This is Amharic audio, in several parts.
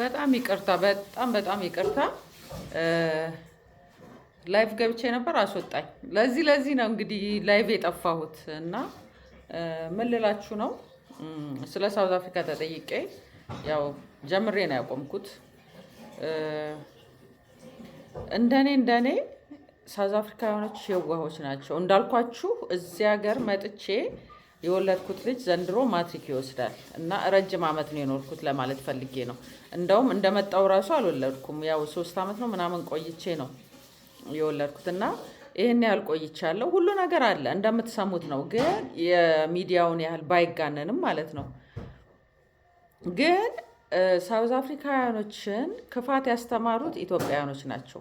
በጣም ይቅርታ፣ በጣም በጣም ይቅርታ። ላይቭ ገብቼ ነበር አስወጣኝ። ለዚህ ለዚህ ነው እንግዲህ ላይቭ የጠፋሁት እና ምን ልላችሁ ነው ስለ ሳውዝ አፍሪካ ተጠይቄ ያው ጀምሬ ነው ያቆምኩት። እንደኔ እንደኔ ሳውዝ አፍሪካ የሆነች የዋሆች ናቸው እንዳልኳችሁ እዚህ ሀገር መጥቼ የወለድኩት ልጅ ዘንድሮ ማትሪክ ይወስዳል እና ረጅም ዓመት ነው የኖርኩት ለማለት ፈልጌ ነው። እንደውም እንደመጣው ራሱ አልወለድኩም። ያው ሶስት ዓመት ነው ምናምን ቆይቼ ነው የወለድኩት እና ይህን ያህል ቆይቻለሁ። ሁሉ ነገር አለ እንደምትሰሙት ነው፣ ግን የሚዲያውን ያህል ባይጋነንም ማለት ነው። ግን ሳውዝ አፍሪካውያኖችን ክፋት ያስተማሩት ኢትዮጵያውያኖች ናቸው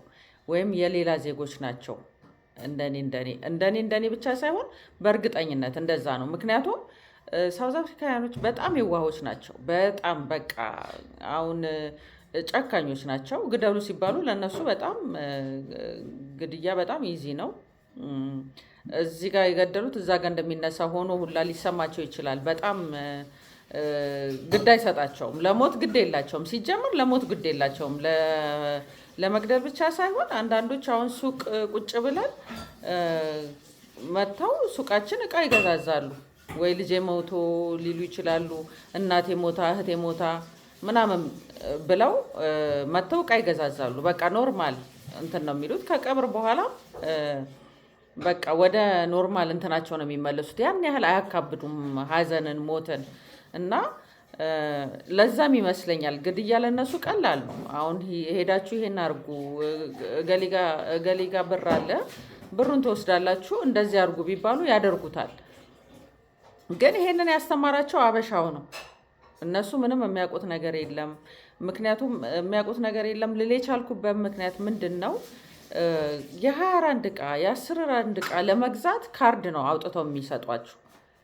ወይም የሌላ ዜጎች ናቸው። እንደኔ እንደኔ እንደኔ እንደኔ ብቻ ሳይሆን በእርግጠኝነት እንደዛ ነው። ምክንያቱም ሳውዝ አፍሪካውያኖች በጣም የዋሆች ናቸው። በጣም በቃ አሁን ጨካኞች ናቸው። ግደሉ ሲባሉ ለእነሱ በጣም ግድያ በጣም ይዚ ነው። እዚህ ጋር የገደሉት እዛ ጋር እንደሚነሳ ሆኖ ሁላ ሊሰማቸው ይችላል። በጣም ግድ አይሰጣቸውም። ለሞት ግድ የላቸውም። ሲጀምር ለሞት ግድ የላቸውም። ለመግደል ብቻ ሳይሆን አንዳንዶች አሁን ሱቅ ቁጭ ብለን መጥተው ሱቃችን እቃ ይገዛዛሉ። ወይ ልጄ ሞቶ ሊሉ ይችላሉ። እናቴ ሞታ፣ እህቴ ሞታ ምናምን ብለው መጥተው እቃ ይገዛዛሉ። በቃ ኖርማል እንትን ነው የሚሉት። ከቀብር በኋላ በቃ ወደ ኖርማል እንትናቸው ነው የሚመለሱት። ያን ያህል አያካብዱም ሀዘንን፣ ሞትን እና ለዛም ይመስለኛል ግድያ ለነሱ ቀላል ነው። አሁን ሄዳችሁ ይሄን አርጉ፣ ገሊጋ ብር አለ ብሩን ትወስዳላችሁ፣ እንደዚህ አርጉ ቢባሉ ያደርጉታል። ግን ይሄንን ያስተማራቸው አበሻው ነው። እነሱ ምንም የሚያውቁት ነገር የለም። ምክንያቱም የሚያውቁት ነገር የለም ልሌ የቻልኩበት ምክንያት ምንድን ነው? የ21 እቃ የ11 እቃ ለመግዛት ካርድ ነው አውጥተው የሚሰጧችሁ።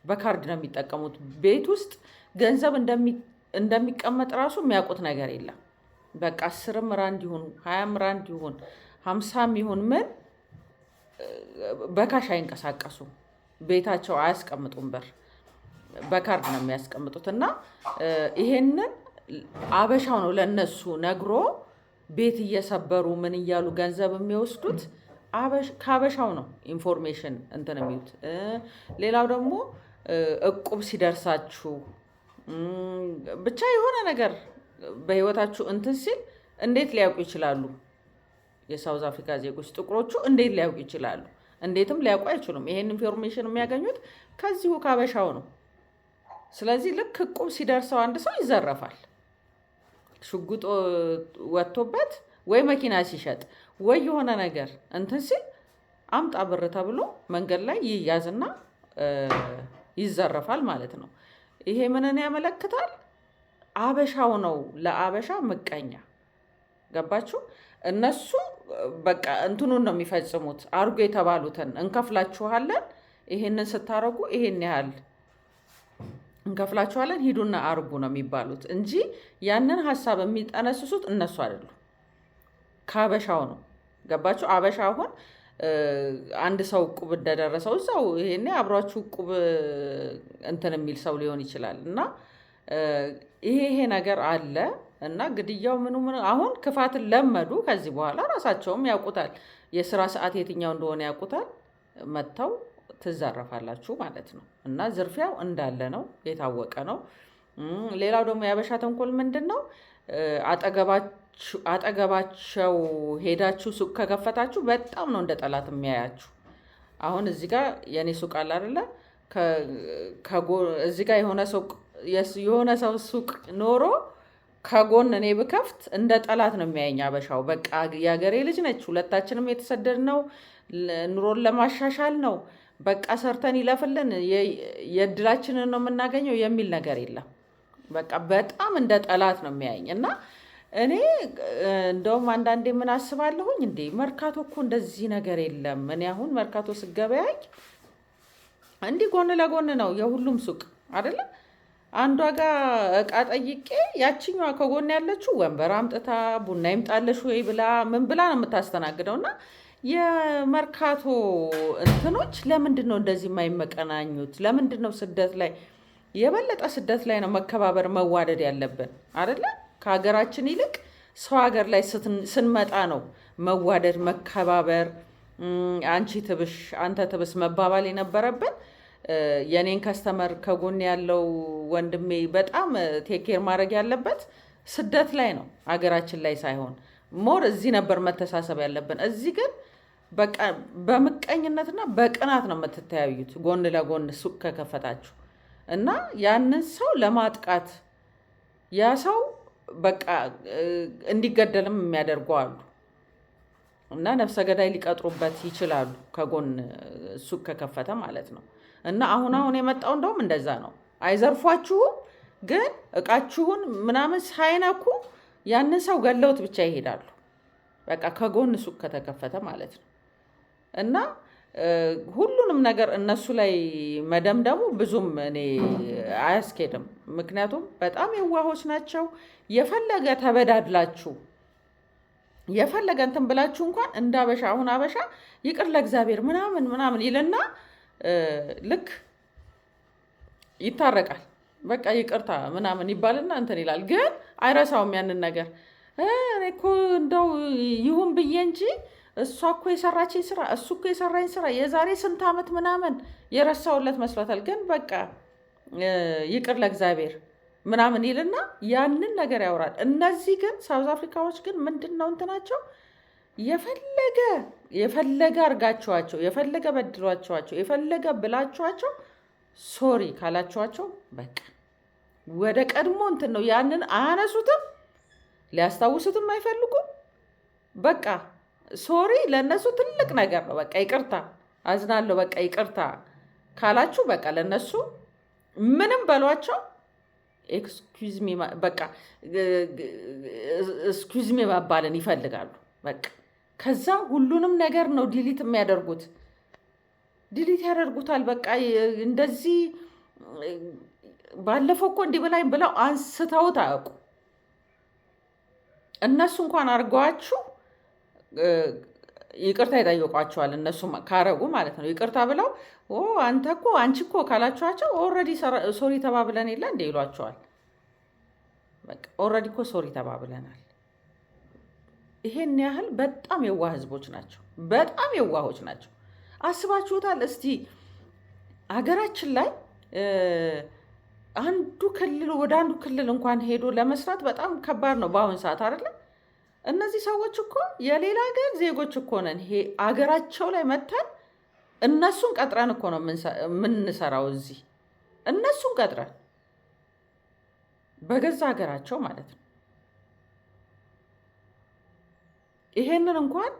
በካርድ ነው የሚጠቀሙት ቤት ውስጥ ገንዘብ እንደሚቀመጥ ራሱ የሚያውቁት ነገር የለም። በቃ አስርም ራንድ ይሁን ሀያም ራንድ ይሁን ሀምሳም ይሁን ምን በካሽ አይንቀሳቀሱ፣ ቤታቸው አያስቀምጡም ብር በካርድ ነው የሚያስቀምጡት። እና ይሄንን አበሻው ነው ለእነሱ ነግሮ ቤት እየሰበሩ ምን እያሉ ገንዘብ የሚወስዱት ከአበሻው ነው ኢንፎርሜሽን እንትን የሚሉት። ሌላው ደግሞ እቁብ ሲደርሳችሁ ብቻ የሆነ ነገር በህይወታችሁ እንትን ሲል እንዴት ሊያውቁ ይችላሉ? የሳውዝ አፍሪካ ዜጎች ጥቁሮቹ እንዴት ሊያውቁ ይችላሉ? እንዴትም ሊያውቁ አይችሉም። ይሄን ኢንፎርሜሽን የሚያገኙት ከዚሁ ካበሻው ነው። ስለዚህ ልክ እቁብ ሲደርሰው አንድ ሰው ይዘረፋል። ሽጉጥ ወጥቶበት ወይ መኪና ሲሸጥ ወይ የሆነ ነገር እንትን ሲል አምጣ ብር ተብሎ መንገድ ላይ ይያዝና ይዘረፋል ማለት ነው። ይሄ ምንን ያመለክታል? አበሻው ነው ለአበሻ ምቀኛ። ገባችሁ? እነሱ በቃ እንትኑን ነው የሚፈጽሙት፣ አርጎ የተባሉትን እንከፍላችኋለን፣ ይሄንን ስታረጉ ይሄን ያህል እንከፍላችኋለን፣ ሂዱና አርጉ ነው የሚባሉት እንጂ ያንን ሀሳብ የሚጠነስሱት እነሱ አይደሉም፣ ከአበሻው ነው። ገባችሁ? አበሻ አሁን አንድ ሰው እቁብ እንደደረሰው እዛው ይሄኔ አብሯችሁ እቁብ እንትን የሚል ሰው ሊሆን ይችላል። እና ይሄ ይሄ ነገር አለ እና ግድያው ምኑ ምኑ አሁን ክፋትን ለመዱ። ከዚህ በኋላ ራሳቸውም ያውቁታል። የስራ ሰዓት የትኛው እንደሆነ ያውቁታል። መጥተው ትዛረፋላችሁ ማለት ነው እና ዝርፊያው እንዳለ ነው፣ የታወቀ ነው። ሌላው ደግሞ የአበሻ ተንኮል ምንድን ነው? አጠገባችሁ አጠገባቸው ሄዳችሁ ሱቅ ከከፈታችሁ በጣም ነው እንደ ጠላት የሚያያችሁ። አሁን እዚህ ጋር የእኔ ሱቅ አለ አይደለ? እዚህ ጋር የሆነ ሱቅ የሆነ ሰው ሱቅ ኖሮ ከጎን እኔ ብከፍት እንደ ጠላት ነው የሚያየኝ አበሻው። በቃ የሀገሬ ልጅ ነች፣ ሁለታችንም የተሰደድነው ኑሮን ለማሻሻል ነው፣ በቃ ሰርተን ይለፍልን፣ የእድላችንን ነው የምናገኘው የሚል ነገር የለም። በቃ በጣም እንደ ጠላት ነው የሚያየኝ እና እኔ እንደውም አንዳንዴ ምን አስባለሁኝ እንዴ መርካቶ እኮ እንደዚህ ነገር የለም። እኔ አሁን መርካቶ ስገበያይ እንዲህ ጎን ለጎን ነው የሁሉም ሱቅ አይደለም። አንዷ ጋር እቃ ጠይቄ ያችኛዋ ከጎን ያለችው ወንበር አምጥታ ቡና ይምጣለሽ ወይ ብላ ምን ብላ ነው የምታስተናግደው። እና የመርካቶ እንትኖች ለምንድን ነው እንደዚህ የማይመቀናኙት? ለምንድን ነው ስደት ላይ የበለጠ ስደት ላይ ነው መከባበር መዋደድ ያለብን አይደለም ከሀገራችን ይልቅ ሰው ሀገር ላይ ስንመጣ ነው መዋደድ፣ መከባበር፣ አንቺ ትብሽ አንተ ትብስ መባባል የነበረብን። የኔን ከስተመር ከጎን ያለው ወንድሜ በጣም ቴኬር ማድረግ ያለበት ስደት ላይ ነው፣ ሀገራችን ላይ ሳይሆን ሞር እዚህ ነበር መተሳሰብ ያለብን። እዚህ ግን በምቀኝነትና በቅናት ነው የምትተያዩት፣ ጎን ለጎን ሱቅ ከከፈታችሁ እና ያንን ሰው ለማጥቃት ያ ሰው በቃ እንዲገደልም የሚያደርጉ አሉ እና ነፍሰ ገዳይ ሊቀጥሩበት ይችላሉ። ከጎን ሱቅ ከከፈተ ማለት ነው። እና አሁን አሁን የመጣው እንደውም እንደዛ ነው። አይዘርፏችሁም፣ ግን እቃችሁን ምናምን ሳይነኩ ያንን ሰው ገለውት ብቻ ይሄዳሉ። በቃ ከጎን ሱቅ ከተከፈተ ማለት ነው እና ሁሉንም ነገር እነሱ ላይ መደምደሙ ብዙም እኔ አያስኬድም። ምክንያቱም በጣም የዋሆች ናቸው። የፈለገ ተበዳድላችሁ የፈለገ እንትን ብላችሁ እንኳን እንደ አበሻ አሁን አበሻ ይቅር ለእግዚአብሔር ምናምን ምናምን ይልና ልክ ይታረቃል። በቃ ይቅርታ ምናምን ይባልና እንትን ይላል። ግን አይረሳውም ያንን ነገር እኔ እኮ እንደው ይሁን ብዬ እንጂ እሷ እኮ የሰራችኝ ስራ እሱ እኮ የሰራኝ ስራ የዛሬ ስንት ዓመት ምናምን የረሳውለት መስሏታል። ግን በቃ ይቅር ለእግዚአብሔር ምናምን ይልና ያንን ነገር ያወራል። እነዚህ ግን ሳውዝ አፍሪካዎች ግን ምንድን ነው እንትናቸው የፈለገ የፈለገ አርጋችኋቸው የፈለገ በድሏችኋቸው የፈለገ ብላችኋቸው ሶሪ ካላችኋቸው በቃ ወደ ቀድሞ እንትን ነው። ያንን አያነሱትም፣ ሊያስታውሱትም አይፈልጉም በቃ ሶሪ ለእነሱ ትልቅ ነገር ነው። በቃ ይቅርታ አዝናለሁ፣ በቃ ይቅርታ ካላችሁ በቃ ለእነሱ ምንም በሏቸው። ኤክስኪውዝሚ በቃ ኤክስኪውዝሚ መባልን ይፈልጋሉ። በቃ ከዛ ሁሉንም ነገር ነው ዲሊት የሚያደርጉት ዲሊት ያደርጉታል። በቃ እንደዚህ ባለፈው እኮ እንዲህ ብላኝ ብለው አንስተውት አያውቁ እነሱ እንኳን አድርገዋችሁ ይቅርታ ይጠይቋቸዋል። እነሱ ካረጉ ማለት ነው። ይቅርታ ብለው አንተ እኮ አንቺ እኮ ካላችኋቸው ኦልሬዲ ሶሪ ተባብለን የለ እንደ ይሏቸዋል። ኦልሬዲ እኮ ሶሪ ተባብለናል። ይሄን ያህል በጣም የዋህ ህዝቦች ናቸው። በጣም የዋሆች ናቸው። አስባችሁታል? እስቲ ሀገራችን ላይ አንዱ ክልል ወደ አንዱ ክልል እንኳን ሄዶ ለመስራት በጣም ከባድ ነው በአሁን ሰዓት አይደለም እነዚህ ሰዎች እኮ የሌላ ሀገር ዜጎች እኮ ነን። ይሄ አገራቸው ላይ መተን እነሱን ቀጥረን እኮ ነው የምንሰራው እዚህ እነሱን ቀጥረን በገዛ ሀገራቸው ማለት ነው። ይሄንን እንኳን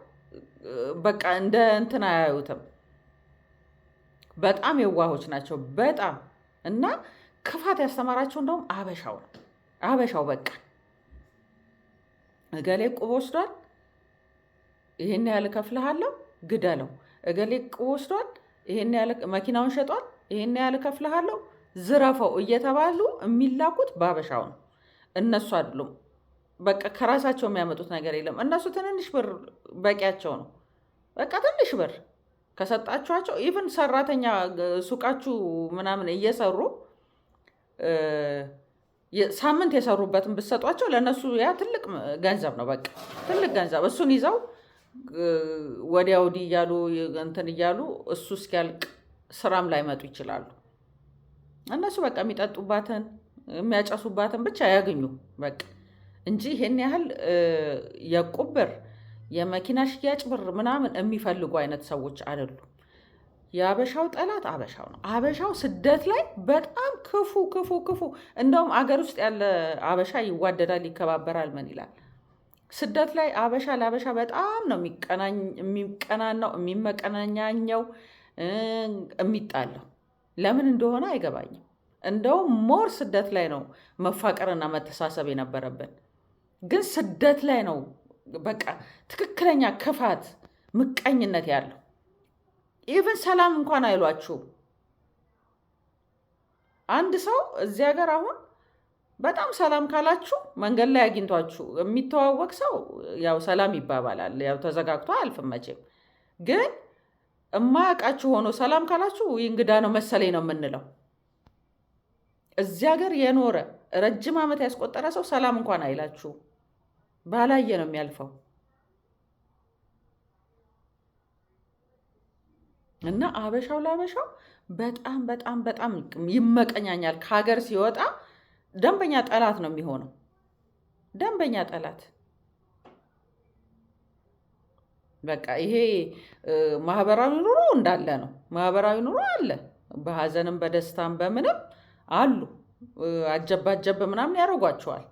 በቃ እንደ እንትን አያዩትም። በጣም የዋሆች ናቸው። በጣም እና ክፋት ያስተማራቸው እንደውም አበሻው ነው አበሻው በቃ እገሌ ቁብ ወስዷል፣ ይህን ያህል እከፍልሃለሁ፣ ግደለው። እገሌ ቁብ ወስዷል፣ ይህን ያህል መኪናውን ሸጧል፣ ይህን ያህል እከፍልሃለሁ፣ ዝረፈው እየተባሉ የሚላኩት ባበሻው ነው። እነሱ አይደሉም። በቃ ከራሳቸው የሚያመጡት ነገር የለም። እነሱ ትንንሽ ብር በቂያቸው ነው። በቃ ትንሽ ብር ከሰጣችኋቸው ኢቨን ሰራተኛ ሱቃችሁ ምናምን እየሰሩ ሳምንት የሰሩበትን ብትሰጧቸው ለእነሱ ያ ትልቅ ገንዘብ ነው። በቃ ትልቅ ገንዘብ እሱን ይዘው ወዲያ ወዲህ እያሉ እንትን እያሉ እሱ እስኪያልቅ ስራም ላይመጡ ይችላሉ። እነሱ በቃ የሚጠጡባትን የሚያጨሱባትን ብቻ ያግኙ በቃ እንጂ ይሄን ያህል የቁብር የመኪና ሽያጭ ብር ምናምን የሚፈልጉ አይነት ሰዎች አይደሉም። የአበሻው ጠላት አበሻው ነው። አበሻው ስደት ላይ በጣም ክፉ ክፉ ክፉ። እንደውም አገር ውስጥ ያለ አበሻ ይዋደዳል፣ ይከባበራል፣ ምን ይላል። ስደት ላይ አበሻ ለአበሻ በጣም ነው የሚቀናናው፣ የሚመቀናኛኘው፣ የሚጣለው። ለምን እንደሆነ አይገባኝም። እንደውም ሞር ስደት ላይ ነው መፋቀርና መተሳሰብ የነበረብን፣ ግን ስደት ላይ ነው በቃ ትክክለኛ ክፋት፣ ምቀኝነት ያለው ኢቨን ሰላም እንኳን አይሏችሁም። አንድ ሰው እዚህ ሀገር አሁን በጣም ሰላም ካላችሁ መንገድ ላይ አግኝቷችሁ የሚተዋወቅ ሰው ያው ሰላም ይባባላል። ያው ተዘጋግቶ አያልፍም መቼም። ግን እማያውቃችሁ ሆኖ ሰላም ካላችሁ እንግዳ ነው መሰለኝ ነው የምንለው። እዚህ ሀገር የኖረ ረጅም ዓመት ያስቆጠረ ሰው ሰላም እንኳን አይላችሁ ባላየ ነው የሚያልፈው። እና አበሻው ለአበሻው በጣም በጣም በጣም ይመቀኛኛል። ከሀገር ሲወጣ ደንበኛ ጠላት ነው የሚሆነው። ደንበኛ ጠላት በቃ ይሄ ማህበራዊ ኑሮ እንዳለ ነው። ማህበራዊ ኑሮ አለ፣ በሀዘንም በደስታም በምንም አሉ። አጀብ ምናምን ያደርጓቸዋል።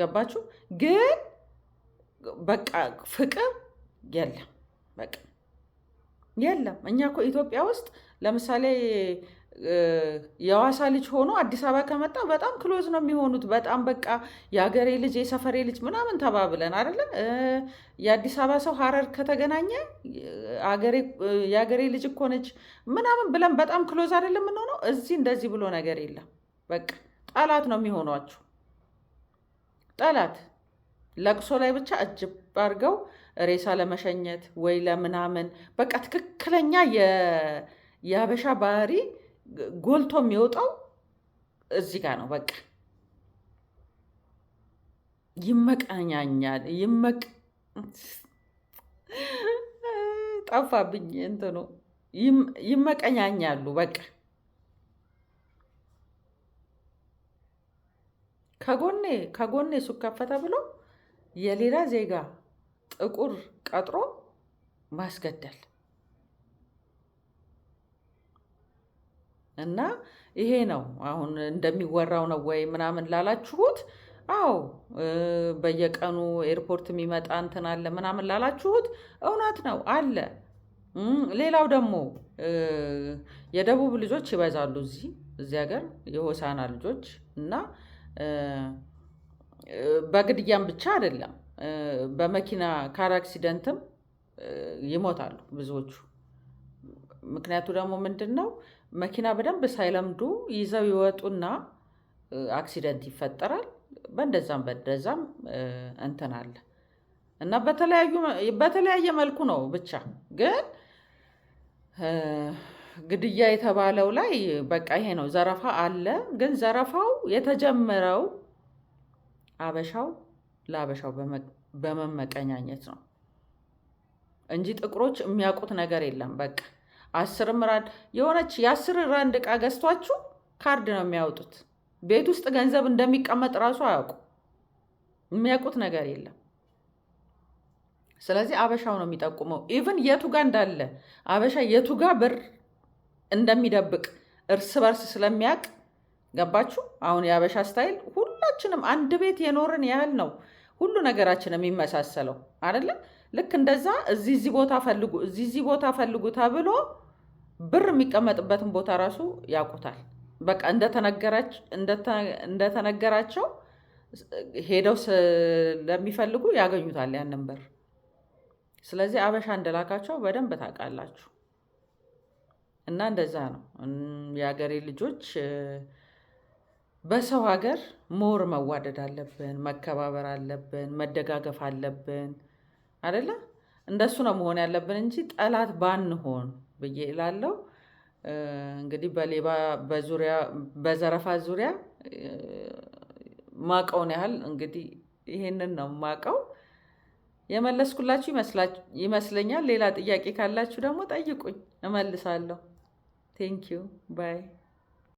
ገባችሁ? ግን በቃ ፍቅር የለም በቃ የለም። እኛ እኮ ኢትዮጵያ ውስጥ ለምሳሌ የዋሳ ልጅ ሆኖ አዲስ አበባ ከመጣ በጣም ክሎዝ ነው የሚሆኑት። በጣም በቃ የሀገሬ ልጅ የሰፈሬ ልጅ ምናምን ተባብለን አይደለም። የአዲስ አበባ ሰው ሀረር ከተገናኘ የሀገሬ ልጅ እኮ ነች ምናምን ብለን በጣም ክሎዝ አይደለም የምንሆነው። እዚህ እንደዚህ ብሎ ነገር የለም። በቃ ጠላት ነው የሚሆኗችሁ። ጠላት ለቅሶ ላይ ብቻ እጅብ አድርገው ሬሳ ለመሸኘት ወይ ለምናምን በቃ ትክክለኛ የሀበሻ ባህሪ ጎልቶ የሚወጣው እዚህ ጋር ነው። በቃ ይመቃኛኛል ይመቅ ጠፋብኝ እንትኑ ይመቀኛኛሉ። በቃ ከጎኔ ከጎኔ ሱቅ ከፈተ ብሎ የሌላ ዜጋ ጥቁር ቀጥሮ ማስገደል እና ይሄ ነው አሁን እንደሚወራው ነው ወይ ምናምን ላላችሁት፣ አዎ በየቀኑ ኤርፖርት የሚመጣ እንትን አለ ምናምን ላላችሁት እውነት ነው አለ። ሌላው ደግሞ የደቡብ ልጆች ይበዛሉ እዚህ እዚህ ሀገር የሆሳና ልጆች እና በግድያም ብቻ አይደለም በመኪና ካር አክሲደንትም ይሞታሉ ብዙዎቹ። ምክንያቱ ደግሞ ምንድን ነው? መኪና በደንብ ሳይለምዱ ይዘው ይወጡና አክሲደንት ይፈጠራል። በእንደዛም በእንደዛም እንትን አለ እና በተለያየ መልኩ ነው ብቻ ግን ግድያ የተባለው ላይ በቃ ይሄ ነው። ዘረፋ አለ። ግን ዘረፋው የተጀመረው አበሻው ለአበሻው በመመቀኛኘት ነው እንጂ ጥቁሮች የሚያውቁት ነገር የለም። በቃ አስርም ራንድ የሆነች የአስር ራንድ እቃ ገዝቷችሁ ካርድ ነው የሚያወጡት። ቤት ውስጥ ገንዘብ እንደሚቀመጥ እራሱ አያውቁ። የሚያውቁት ነገር የለም። ስለዚህ አበሻው ነው የሚጠቁመው። ኢቭን የቱ ጋ እንዳለ አበሻ የቱ ጋ ብር እንደሚደብቅ እርስ በርስ ስለሚያውቅ ገባችሁ? አሁን የአበሻ ስታይል ሁሉ ሁላችንም አንድ ቤት የኖርን ያህል ነው ሁሉ ነገራችን የሚመሳሰለው አይደለም። ልክ እንደዛ እዚህ እዚህ ቦታ ፈልጉ፣ እዚህ እዚህ ቦታ ፈልጉ ተብሎ ብር የሚቀመጥበትን ቦታ ራሱ ያውቁታል። በቃ እንደተነገራቸው ሄደው ስለሚፈልጉ ያገኙታል ያንን ብር። ስለዚህ አበሻ እንደላካቸው በደንብ ታውቃላችሁ። እና እንደዛ ነው የሀገሬ ልጆች በሰው ሀገር ሞር መዋደድ አለብን፣ መከባበር አለብን፣ መደጋገፍ አለብን አደለ? እንደሱ ነው መሆን ያለብን እንጂ ጠላት ባንሆን ብዬ እላለሁ። እንግዲህ በሌባ በዙሪያ በዘረፋ ዙሪያ ማቀውን ያህል እንግዲህ ይሄንን ነው ማቀው። የመለስኩላችሁ ይመስለኛል። ሌላ ጥያቄ ካላችሁ ደግሞ ጠይቁኝ፣ እመልሳለሁ። ቴንኪዩ ባይ